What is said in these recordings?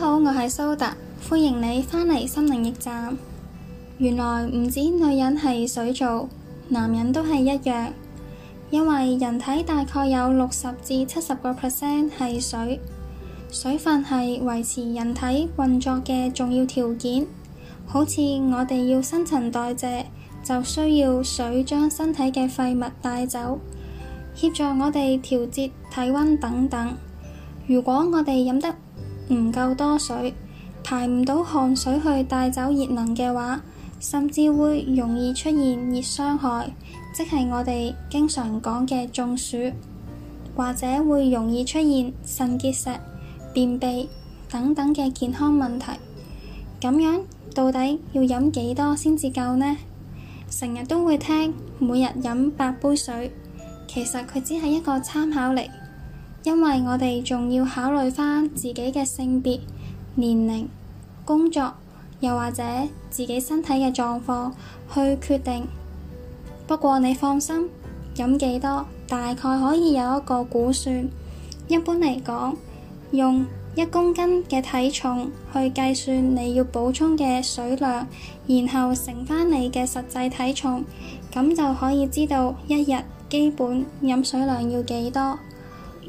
大家好，我係蘇達，歡迎你返嚟心靈驛站。原來唔止女人係水做，男人都係一樣。因為人體大概有六十至七十個 percent 係水，水分係維持人體運作嘅重要條件。好似我哋要新陳代謝，就需要水將身體嘅廢物帶走，協助我哋調節體溫等等。如果我哋飲得，唔夠多水，排唔到汗水去帶走熱能嘅話，甚至會容易出現熱傷害，即係我哋經常講嘅中暑，或者會容易出現腎結石、便秘等等嘅健康問題。咁樣到底要飲幾多先至夠呢？成日都會聽，每日飲八杯水，其實佢只係一個參考嚟。因為我哋仲要考慮翻自己嘅性別、年齡、工作，又或者自己身體嘅狀況去決定。不過你放心，飲幾多大概可以有一個估算。一般嚟講，用一公斤嘅體重去計算你要補充嘅水量，然後乘翻你嘅實際體重，咁就可以知道一日基本飲水量要幾多。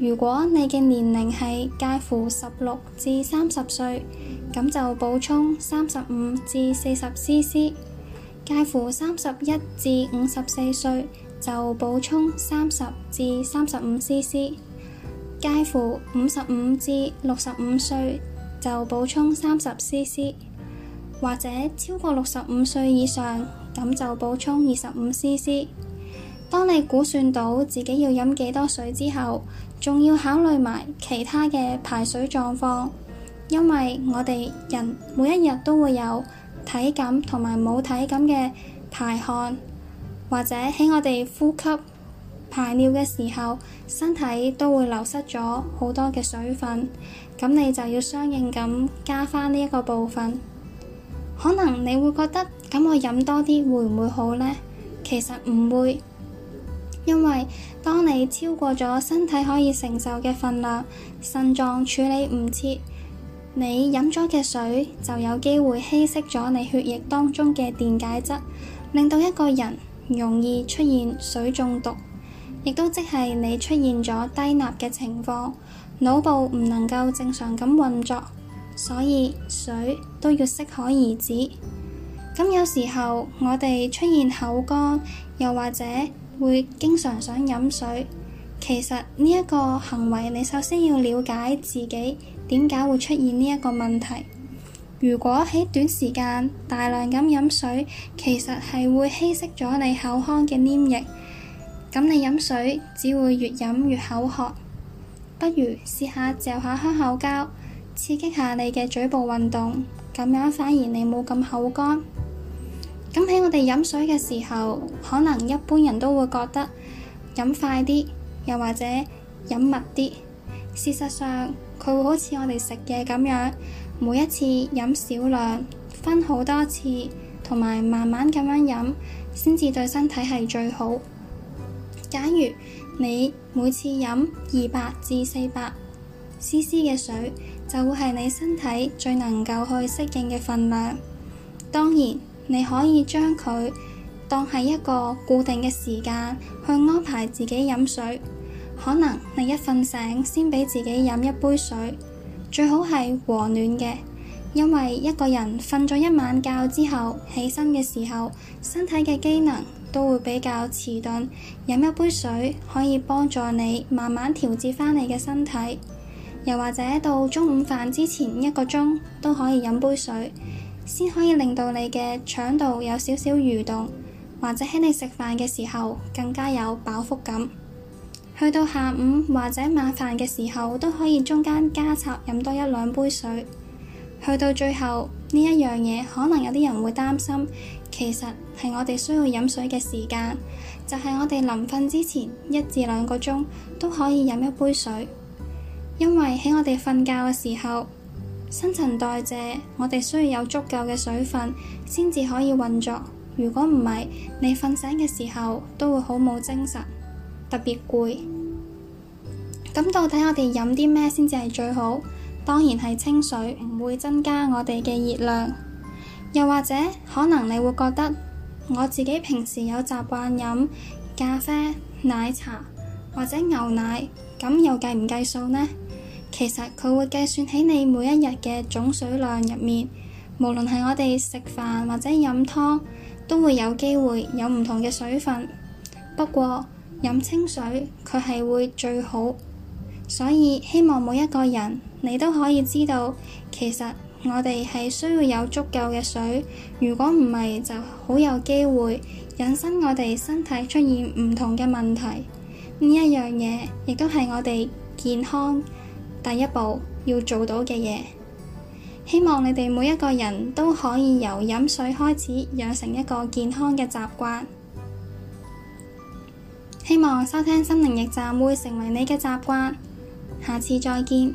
如果你嘅年齡係介乎十六至三十歲，咁就補充三十五至四十 cc；介乎三十一至五十四歲，就補充三十至三十五 cc；介乎五十五至六十五歲，就補充三十 cc，或者超過六十五歲以上，咁就補充二十五 cc。當你估算到自己要飲幾多水之後，仲要考慮埋其他嘅排水狀況，因為我哋人每一日都會有體感同埋冇體感嘅排汗，或者喺我哋呼吸排尿嘅時候，身體都會流失咗好多嘅水分。咁你就要相應咁加返呢一個部分。可能你會覺得咁，我飲多啲會唔會好呢？其實唔會。因為當你超過咗身體可以承受嘅份量，腎臟處理唔切，你飲咗嘅水就有機會稀釋咗你血液當中嘅電解質，令到一個人容易出現水中毒，亦都即係你出現咗低鈉嘅情況，腦部唔能夠正常咁運作，所以水都要適可而止。咁有時候我哋出現口乾，又或者，會經常想飲水，其實呢一個行為，你首先要了解自己點解會出現呢一個問題。如果喺短時間大量咁飲水，其實係會稀釋咗你口腔嘅黏液，咁你飲水只會越飲越口渴。不如試下嚼下香口膠，刺激下你嘅嘴部運動，咁樣反而你冇咁口乾。咁喺我哋飲水嘅時候，可能一般人都會覺得飲快啲，又或者飲密啲。事實上，佢會好似我哋食嘢咁樣，每一次飲少量，分好多次，同埋慢慢咁樣飲，先至對身體係最好。假如你每次飲二百至四百 cc 嘅水，就會係你身體最能夠去適應嘅分量。當然。你可以將佢當係一個固定嘅時間去安排自己飲水，可能你一瞓醒先俾自己飲一杯水，最好係和暖嘅，因為一個人瞓咗一晚覺之後起身嘅時候，身體嘅機能都會比較遲鈍，飲一杯水可以幫助你慢慢調節返你嘅身體，又或者到中午飯之前一個鐘都可以飲杯水。先可以令到你嘅腸道有少少蠕動，或者喺你食飯嘅時候更加有飽腹感。去到下午或者晚飯嘅時候，都可以中間加插飲多一兩杯水。去到最後呢一樣嘢，可能有啲人會擔心，其實係我哋需要飲水嘅時間，就係我哋臨瞓之前一至兩個鐘都可以飲一杯水，因為喺我哋瞓覺嘅時候，新陳代謝，我哋需要有足夠嘅水分，先至可以運作。如果唔係，你瞓醒嘅時候都會好冇精神，特別攰。咁到底我哋飲啲咩先至係最好？當然係清水，唔會增加我哋嘅熱量。又或者，可能你會覺得我自己平時有習慣飲咖啡、奶茶或者牛奶，咁又計唔計數呢？其實佢會計算起你每一日嘅總水量入面，無論係我哋食飯或者飲湯，都會有機會有唔同嘅水分。不過飲清水佢係會最好，所以希望每一個人你都可以知道，其實我哋係需要有足夠嘅水。如果唔係，就好有機會引申我哋身體出現唔同嘅問題。呢一樣嘢亦都係我哋健康。第一步要做到嘅嘢，希望你哋每一個人都可以由飲水開始，養成一個健康嘅習慣。希望收聽心靈驛站會成為你嘅習慣。下次再見。